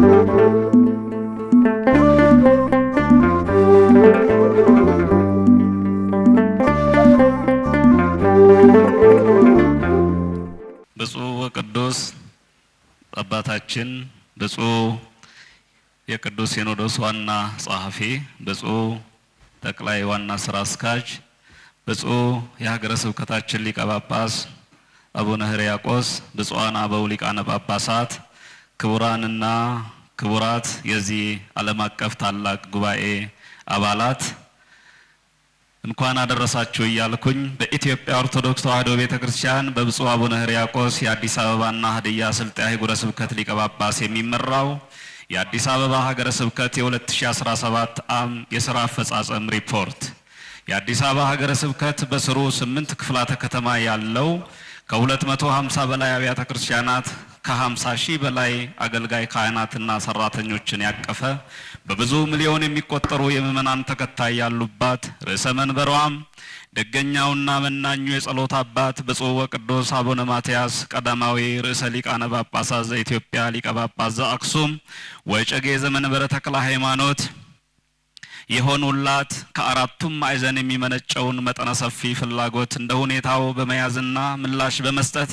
ብፁዕ ወቅዱስ አባታችን ብፁዕ የቅዱስ ሲኖዶስ ዋና ጸሐፊ፣ ብፁዕ ጠቅላይ ዋና ስራ አስኪያጅ፣ ብፁዕ የሀገረ ስብከታችን ሊቀ ጳጳስ አቡነ ሕርያቆስ፣ ብፁዓን አበው ሊቃነ ጳጳሳት ክቡራንና ክቡራት የዚህ ዓለም አቀፍ ታላቅ ጉባኤ አባላት እንኳን አደረሳችሁ እያልኩኝ በኢትዮጵያ ኦርቶዶክስ ተዋሕዶ ቤተ ክርስቲያን በብፁዕ አቡነ ሕርያቆስ የአዲስ አበባና ሀዲያ ስልጤ አህጉረ ስብከት ሊቀ ጳጳስ የሚመራው የአዲስ አበባ ሀገረ ስብከት የ2017 ዓ.ም የሥራ አፈጻጸም ሪፖርት የአዲስ አበባ ሀገረ ስብከት በስሩ ስምንት ክፍላተ ከተማ ያለው ከ250 በላይ አብያተ ክርስቲያናት ከ50 ሺህ በላይ አገልጋይ ካህናትና ሰራተኞችን ያቀፈ በብዙ ሚሊዮን የሚቆጠሩ የምእመናን ተከታይ ያሉባት ርዕሰ መንበሯም ደገኛውና መናኙ የጸሎት አባት ብፁዕ ወቅዱስ አቡነ ማትያስ ቀዳማዊ ርዕሰ ሊቃነ ጳጳሳት ዘኢትዮጵያ ሊቀ ጳጳስ ዘአክሱም ወጨጌ ዘመንበረ ተክለ ሃይማኖት የሆኑላት ከአራቱም ማዕዘን የሚመነጨውን መጠነ ሰፊ ፍላጎት እንደ ሁኔታው በመያዝና ምላሽ በመስጠት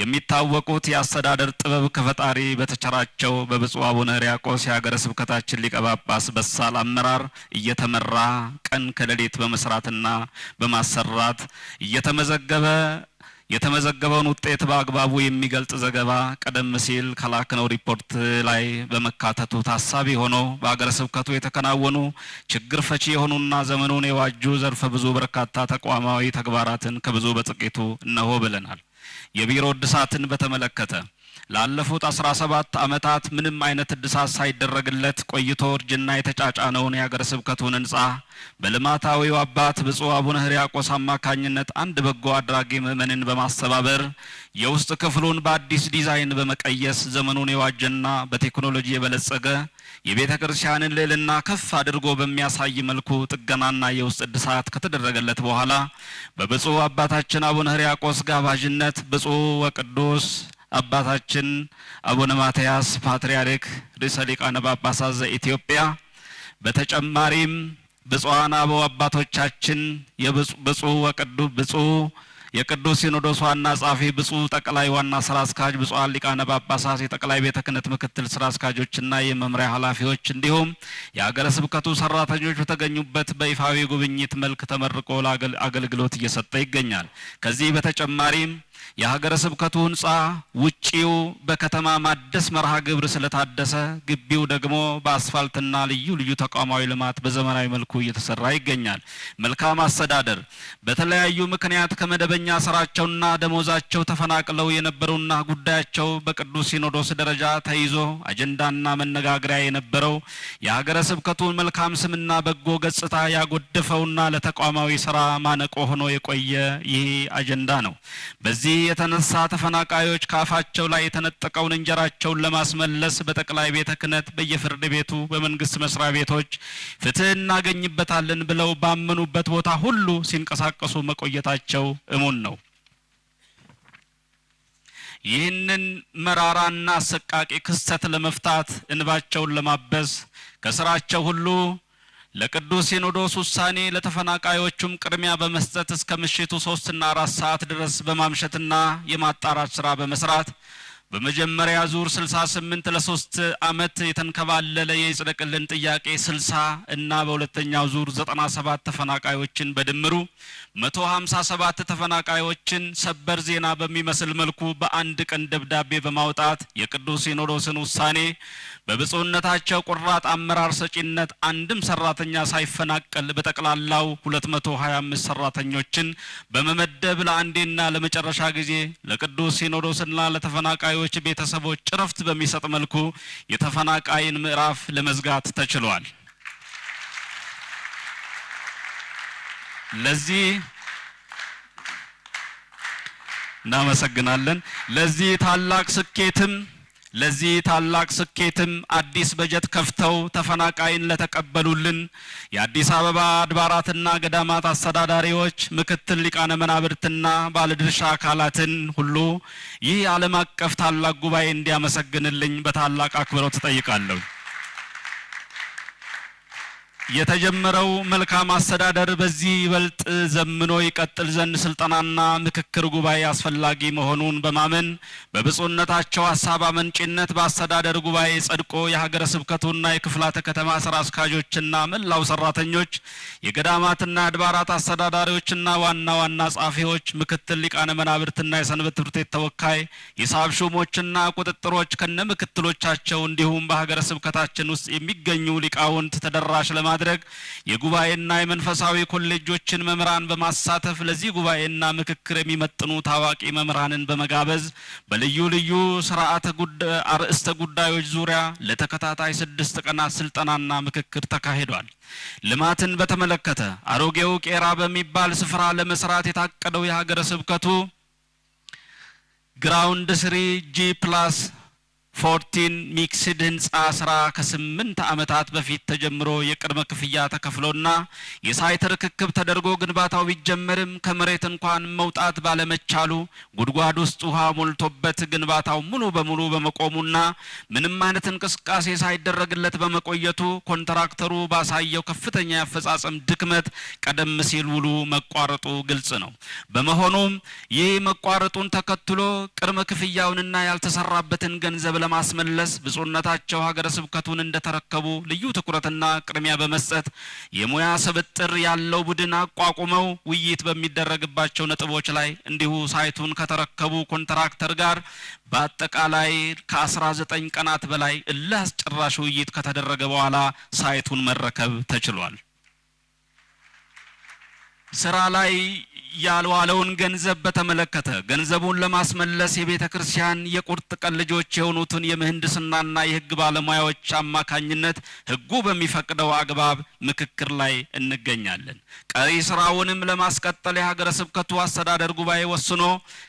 የሚታወቁት የአስተዳደር ጥበብ ከፈጣሪ በተቸራቸው በብፁዕ አቡነ ሕርያቆስ የሀገረ ስብከታችን ሊቀ ጳጳስ በሳል አመራር እየተመራ ቀን ከሌሊት በመስራትና በማሰራት እየተመዘገበ የተመዘገበውን ውጤት በአግባቡ የሚገልጽ ዘገባ ቀደም ሲል ከላክነው ሪፖርት ላይ በመካተቱ ታሳቢ ሆኖ በአገረ ስብከቱ የተከናወኑ ችግር ፈቺ የሆኑና ዘመኑን የዋጁ ዘርፈ ብዙ በርካታ ተቋማዊ ተግባራትን ከብዙ በጥቂቱ እነሆ ብለናል። የቢሮ እድሳትን በተመለከተ ላለፉት 17 ዓመታት ምንም አይነት እድሳት ሳይደረግለት ቆይቶ እርጅና የተጫጫነውን የሀገረ ስብከቱን ህንፃ በልማታዊው አባት ብፁዕ አቡነ ሕርያቆስ አማካኝነት አንድ በጎ አድራጊ ምዕመንን በማስተባበር የውስጥ ክፍሉን በአዲስ ዲዛይን በመቀየስ ዘመኑን የዋጀና በቴክኖሎጂ የበለጸገ የቤተ ክርስቲያንን ልዕልና ከፍ አድርጎ በሚያሳይ መልኩ ጥገናና የውስጥ እድሳት ከተደረገለት በኋላ በብፁዕ አባታችን አቡነ ሕርያቆስ ጋባዥነት ብፁዕ ወቅዱስ አባታችን አቡነ ማትያስ ፓትርያርክ ርዕሰ ሊቃነ ጳጳሳት ዘኢትዮጵያ በተጨማሪም ብፁዓን አበው አባቶቻችን የብፁዕ ወቅዱ ብፁዕ የቅዱስ ሲኖዶስ ዋና ጸሐፊ ብፁዕ ጠቅላይ ዋና ስራ አስኪያጅ ብፁዓን ሊቃነ ጳጳሳት የጠቅላይ ቤተ ክህነት ምክትል ስራ አስኪያጆችና የመምሪያ ኃላፊዎች እንዲሁም የአገረ ስብከቱ ሰራተኞች በተገኙበት በይፋዊ ጉብኝት መልክ ተመርቆ ለአገልግሎት እየሰጠ ይገኛል። ከዚህ በተጨማሪም የሀገረ ስብከቱ ህንፃ ውጪው በከተማ ማደስ መርሃ ግብር ስለታደሰ ግቢው ደግሞ በአስፋልትና ልዩ ልዩ ተቋማዊ ልማት በዘመናዊ መልኩ እየተሰራ ይገኛል። መልካም አስተዳደር በተለያዩ ምክንያት ከመደበኛ ስራቸውና ደሞዛቸው ተፈናቅለው የነበሩና ጉዳያቸው በቅዱስ ሲኖዶስ ደረጃ ተይዞ አጀንዳና መነጋገሪያ የነበረው የሀገረ ስብከቱን መልካም ስምና በጎ ገጽታ ያጎደፈውና ለተቋማዊ ስራ ማነቆ ሆኖ የቆየ ይህ አጀንዳ ነው። በዚህ ከዚህ የተነሳ ተፈናቃዮች ከአፋቸው ላይ የተነጠቀውን እንጀራቸውን ለማስመለስ በጠቅላይ ቤተ ክህነት፣ በየፍርድ ቤቱ፣ በመንግስት መስሪያ ቤቶች ፍትህ እናገኝበታለን ብለው ባመኑበት ቦታ ሁሉ ሲንቀሳቀሱ መቆየታቸው እሙን ነው። ይህንን መራራና አሰቃቂ ክስተት ለመፍታት እንባቸውን ለማበስ ከስራቸው ሁሉ ለቅዱስ ሲኖዶስ ውሳኔ ለተፈናቃዮቹም ቅድሚያ በመስጠት እስከ ምሽቱ ሶስትና አራት ሰዓት ድረስ በማምሸትና የማጣራት ስራ በመስራት በመጀመሪያ ዙር 68 ለሶስት ዓመት የተንከባለለ የይጽደቅልን ጥያቄ 60 እና በሁለተኛው ዙር 97 ተፈናቃዮችን በድምሩ 157 ተፈናቃዮችን ሰበር ዜና በሚመስል መልኩ በአንድ ቀን ደብዳቤ በማውጣት የቅዱስ ሲኖዶስን ውሳኔ በብፁዕነታቸው ቁራጥ አመራር ሰጪነት አንድም ሰራተኛ ሳይፈናቀል በጠቅላላው 225 ሰራተኞችን በመመደብ ለአንዴና ለመጨረሻ ጊዜ ለቅዱስ ሲኖዶስና ለተፈናቃዮች ተፈናቃዮች ቤተሰቦች ጭርፍት በሚሰጥ መልኩ የተፈናቃይን ምዕራፍ ለመዝጋት ተችሏል። ለዚህ እናመሰግናለን። ለዚህ ታላቅ ስኬትም ለዚህ ታላቅ ስኬትም አዲስ በጀት ከፍተው ተፈናቃይን ለተቀበሉልን የአዲስ አበባ አድባራትና ገዳማት አስተዳዳሪዎች፣ ምክትል ሊቃነ መናብርትና ባለድርሻ አካላትን ሁሉ ይህ ዓለም አቀፍ ታላቅ ጉባኤ እንዲያመሰግንልኝ በታላቅ አክብሮት እጠይቃለሁ። የተጀመረው መልካም አስተዳደር በዚህ ይበልጥ ዘምኖ ይቀጥል ዘንድ ስልጠናና ምክክር ጉባኤ አስፈላጊ መሆኑን በማመን በብፁዕነታቸው ሀሳብ አመንጭነት በአስተዳደር ጉባኤ ጸድቆ የሀገረ ስብከቱና የክፍላተ ከተማ ስራ አስኪያጆችና መላው ሰራተኞች፣ የገዳማትና አድባራት አስተዳዳሪዎችና ዋና ዋና ጸሐፊዎች፣ ምክትል ሊቃነ መናብርትና የሰንበት ትምህርት ቤት ተወካይ፣ ሂሳብ ሹሞችና ቁጥጥሮች ከነ ምክትሎቻቸው እንዲሁም በሀገረ ስብከታችን ውስጥ የሚገኙ ሊቃውንት ተደራሽ ለማ በማድረግ የጉባኤና የመንፈሳዊ ኮሌጆችን መምህራን በማሳተፍ ለዚህ ጉባኤና ምክክር የሚመጥኑ ታዋቂ መምህራንን በመጋበዝ በልዩ ልዩ ስርዓተ አርእስተ ጉዳዮች ዙሪያ ለተከታታይ ስድስት ቀናት ስልጠናና ምክክር ተካሂዷል። ልማትን በተመለከተ አሮጌው ቄራ በሚባል ስፍራ ለመስራት የታቀደው የሀገረ ስብከቱ ግራውንድ ስሪ ጂ ፕላስ ፎርቲን ሚክስድ ህንፃ ስራ ከስምንት ዓመታት በፊት ተጀምሮ የቅድመ ክፍያ ተከፍሎና የሳይት ርክክብ ተደርጎ ግንባታው ቢጀመርም ከመሬት እንኳን መውጣት ባለመቻሉ ጉድጓድ ውስጥ ውሃ ሞልቶበት ግንባታው ሙሉ በሙሉ በመቆሙና ምንም አይነት እንቅስቃሴ ሳይደረግለት በመቆየቱ ኮንትራክተሩ ባሳየው ከፍተኛ የአፈጻጸም ድክመት ቀደም ሲል ውሉ መቋረጡ ግልጽ ነው። በመሆኑም ይህ መቋረጡን ተከትሎ ቅድመ ክፍያውንና ያልተሰራበትን ገንዘብ ለማስመለስ ብፁዕነታቸው ሀገረ ስብከቱን እንደተረከቡ ልዩ ትኩረትና ቅድሚያ በመስጠት የሙያ ስብጥር ያለው ቡድን አቋቁመው ውይይት በሚደረግባቸው ነጥቦች ላይ እንዲሁ ሳይቱን ከተረከቡ ኮንትራክተር ጋር በአጠቃላይ ከ19 ቀናት በላይ እልህ አስጨራሽ ውይይት ከተደረገ በኋላ ሳይቱን መረከብ ተችሏል። ስራ ላይ ያልዋለውን ገንዘብ በተመለከተ ገንዘቡን ለማስመለስ የቤተ ክርስቲያን የቁርጥ ቀን ልጆች የሆኑትን የምህንድስናና የህግ ባለሙያዎች አማካኝነት ህጉ በሚፈቅደው አግባብ ምክክር ላይ እንገኛለን። ቀሪ ስራውንም ለማስቀጠል የሀገረ ስብከቱ አስተዳደር ጉባኤ ወስኖ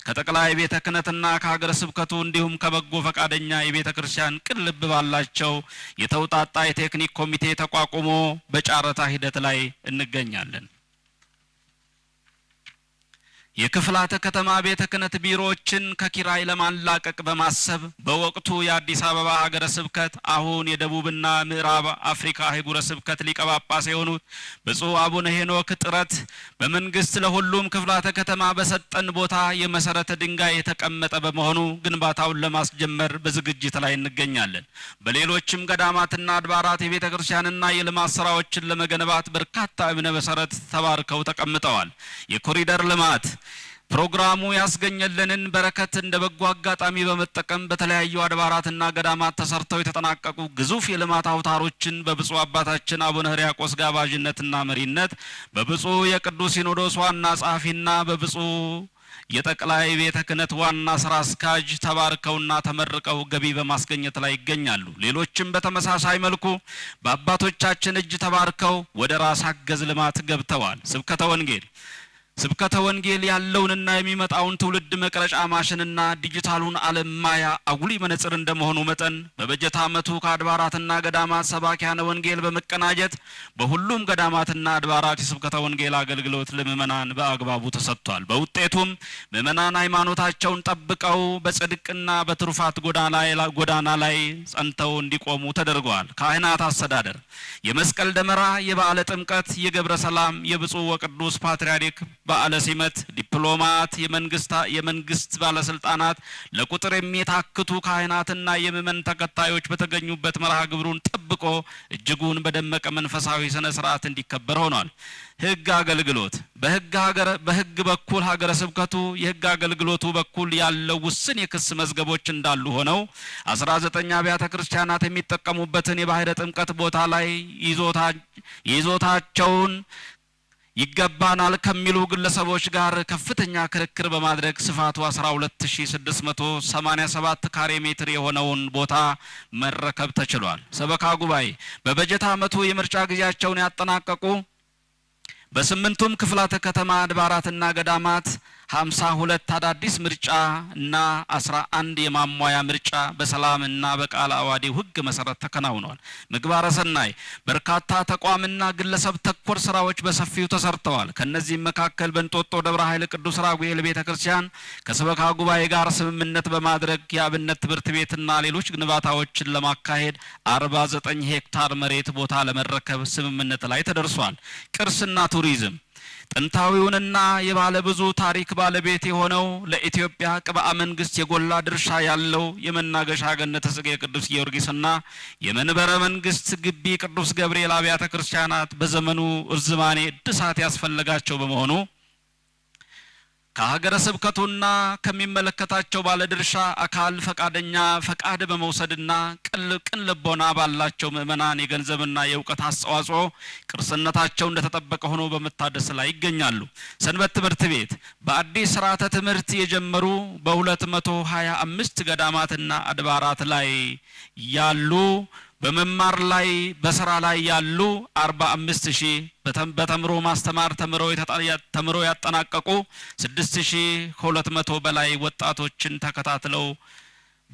ከጠቅላይ ቤተ ክህነትና ከሀገረ ስብከቱ እንዲሁም ከበጎ ፈቃደኛ የቤተ ክርስቲያን ቅን ልብ ባላቸው የተውጣጣ የቴክኒክ ኮሚቴ ተቋቁሞ በጨረታ ሂደት ላይ እንገኛለን። የክፍላተ ከተማ ቤተ ክህነት ቢሮዎችን ከኪራይ ለማላቀቅ በማሰብ በወቅቱ የአዲስ አበባ ሀገረ ስብከት አሁን የደቡብና ምዕራብ አፍሪካ አህጉረ ስብከት ሊቀጳጳስ የሆኑት ብፁዕ አቡነ ሄኖክ ጥረት በመንግስት ለሁሉም ክፍላተ ከተማ በሰጠን ቦታ የመሰረተ ድንጋይ የተቀመጠ በመሆኑ ግንባታውን ለማስጀመር በዝግጅት ላይ እንገኛለን። በሌሎችም ገዳማትና አድባራት የቤተ ክርስቲያንና የልማት ስራዎችን ለመገንባት በርካታ እብነ መሰረት ተባርከው ተቀምጠዋል። የኮሪደር ልማት ፕሮግራሙ ያስገኘልንን በረከት እንደ በጎ አጋጣሚ በመጠቀም በተለያዩ አድባራትና ገዳማት ተሰርተው የተጠናቀቁ ግዙፍ የልማት አውታሮችን በብፁዕ አባታችን አቡነ ሕርያቆስ ጋባዥነትና መሪነት በብፁዕ የቅዱስ ሲኖዶስ ዋና ጸሐፊና በብፁዕ የጠቅላይ ቤተ ክህነት ዋና ስራ አስኪያጅ ተባርከውና ተመርቀው ገቢ በማስገኘት ላይ ይገኛሉ። ሌሎችም በተመሳሳይ መልኩ በአባቶቻችን እጅ ተባርከው ወደ ራስ አገዝ ልማት ገብተዋል። ስብከተ ወንጌል ስብከተ ወንጌል ያለውንና የሚመጣውን ትውልድ መቅረጫ ማሽንና ዲጂታሉን ዓለም ማያ አጉሊ መነጽር እንደመሆኑ መጠን በበጀት ዓመቱ ከአድባራትና ገዳማት ሰባኪያነ ወንጌል በመቀናጀት በሁሉም ገዳማትና አድባራት የስብከተ ወንጌል አገልግሎት ለምእመናን በአግባቡ ተሰጥቷል። በውጤቱም ምእመናን ሃይማኖታቸውን ጠብቀው በጽድቅና በትሩፋት ጎዳና ላይ ጸንተው እንዲቆሙ ተደርገዋል። ካህናት አስተዳደር የመስቀል ደመራ፣ የበዓለ ጥምቀት፣ የገብረ ሰላም፣ የብፁዕ ወቅዱስ ፓትርያርክ በዓለ ሲመት ዲፕሎማት፣ የመንግስት ባለስልጣናት፣ ለቁጥር የሚታክቱ ካህናትና የምእመን ተከታዮች በተገኙበት መርሃ ግብሩን ጠብቆ እጅጉን በደመቀ መንፈሳዊ ስነ ስርዓት እንዲከበር ሆኗል። ህግ አገልግሎት በህግ በኩል ሀገረ ስብከቱ የህግ አገልግሎቱ በኩል ያለው ውስን የክስ መዝገቦች እንዳሉ ሆነው 19 አብያተ ክርስቲያናት የሚጠቀሙበትን የባህረ ጥምቀት ቦታ ላይ ይዞታቸውን ይገባናል ከሚሉ ግለሰቦች ጋር ከፍተኛ ክርክር በማድረግ ስፋቱ 12687 ካሬ ሜትር የሆነውን ቦታ መረከብ ተችሏል። ሰበካ ጉባኤ በበጀት ዓመቱ የምርጫ ጊዜያቸውን ያጠናቀቁ በስምንቱም ክፍላተ ከተማ አድባራትና ገዳማት ሀምሳ ሁለት አዳዲስ ምርጫ እና አስራ አንድ የማሟያ ምርጫ በሰላም እና በቃል አዋዲው ህግ መሰረት ተከናውነዋል። ምግባረ ሰናይ በርካታ ተቋምና ግለሰብ ተኮር ስራዎች በሰፊው ተሰርተዋል። ከእነዚህም መካከል በእንጦጦ ደብረ ኃይል ቅዱስ ራጉኤል ቤተ ክርስቲያን ከሰበካ ጉባኤ ጋር ስምምነት በማድረግ የአብነት ትምህርት ቤትና ሌሎች ግንባታዎችን ለማካሄድ አርባ ዘጠኝ ሄክታር መሬት ቦታ ለመረከብ ስምምነት ላይ ተደርሷል። ቅርስና ቱሪዝም ጥንታዊውንና የባለ ብዙ ታሪክ ባለቤት የሆነው ለኢትዮጵያ ቅብአ መንግስት የጎላ ድርሻ ያለው የመናገሻ ገነተ ጽጌ ቅዱስ ጊዮርጊስና የመንበረ መንግስት ግቢ ቅዱስ ገብርኤል አብያተ ክርስቲያናት በዘመኑ እርዝማኔ እድሳት ያስፈለጋቸው በመሆኑ ከሀገረ ስብከቱና ከሚመለከታቸው ባለድርሻ አካል ፈቃደኛ ፈቃድ በመውሰድና ቅን ልቦና ባላቸው ምዕመናን የገንዘብና የእውቀት አስተዋጽኦ ቅርስነታቸው እንደተጠበቀ ሆኖ በመታደስ ላይ ይገኛሉ። ሰንበት ትምህርት ቤት በአዲስ ስርዓተ ትምህርት የጀመሩ በሁለት መቶ ሀያ አምስት ገዳማትና አድባራት ላይ ያሉ በመማር ላይ በስራ ላይ ያሉ 45 ሺህ በተምሮ ማስተማር ተምረው ያጠናቀቁ 6200 በላይ ወጣቶችን ተከታትለው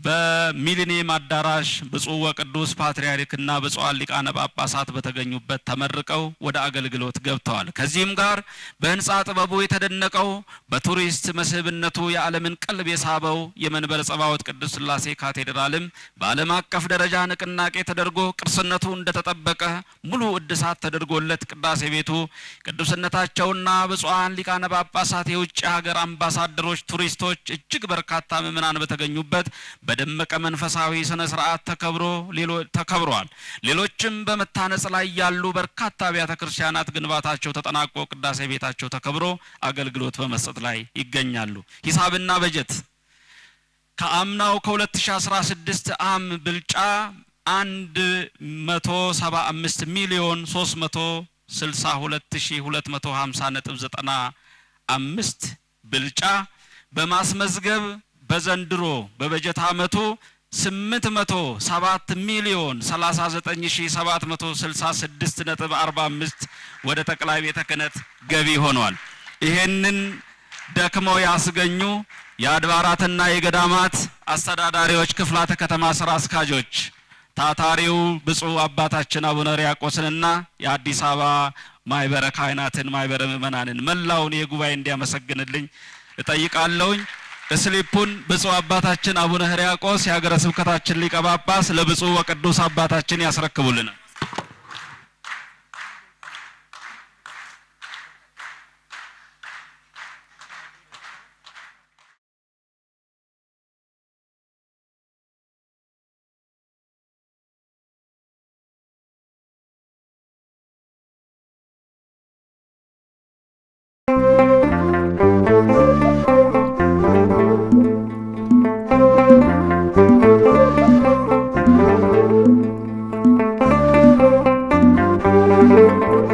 በሚሊኒየም አዳራሽ ብፁዕ ወቅዱስ ፓትርያርክና ብፁዓን ሊቃነ ጳጳሳት በተገኙበት ተመርቀው ወደ አገልግሎት ገብተዋል። ከዚህም ጋር በህንፃ ጥበቡ የተደነቀው በቱሪስት መስህብነቱ የዓለምን ቀልብ የሳበው የመንበረ ጸባዖት ቅዱስ ሥላሴ ካቴድራልም በዓለም አቀፍ ደረጃ ንቅናቄ ተደርጎ ቅርስነቱ እንደተጠበቀ ሙሉ እድሳት ተደርጎለት ቅዳሴ ቤቱ ቅዱስነታቸውና ብፁዓን ሊቃነ ጳጳሳት የውጭ ሀገር አምባሳደሮች፣ ቱሪስቶች እጅግ በርካታ ምዕመናን በተገኙበት በደመቀ መንፈሳዊ ስነ ስርዓት ተከብሮ ተከብሯል። ሌሎችም በመታነጽ ላይ ያሉ በርካታ አብያተ ክርስቲያናት ግንባታቸው ተጠናቆ ቅዳሴ ቤታቸው ተከብሮ አገልግሎት በመስጠት ላይ ይገኛሉ። ሂሳብና በጀት ከአምናው ከ2016 አም ብልጫ 175 ሚሊዮን 362250 ነጥብ 95 ብልጫ በማስመዝገብ በዘንድሮ በበጀት ዓመቱ 807 ሚሊዮን 39766.45 ወደ ጠቅላይ ቤተ ክህነት ገቢ ሆኗል። ይሄንን ደክመው ያስገኙ የአድባራትና የገዳማት አስተዳዳሪዎች፣ ክፍላተ ከተማ ስራ አስካጆች፣ ታታሪው ብፁዕ አባታችን አቡነ ሪያቆስንና የአዲስ አበባ ማይበረ ካህናትን ማይበረ ምእመናንን መላውን የጉባኤ እንዲያመሰግንልኝ እጠይቃለሁኝ። በስሊፑን ብፁዕ አባታችን አቡነ ሕርያቆስ የሀገረ ስብከታችን ሊቀ ጳጳስ ለብፁዕ ወቅዱስ አባታችን ያስረክቡልናል።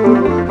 Thank you.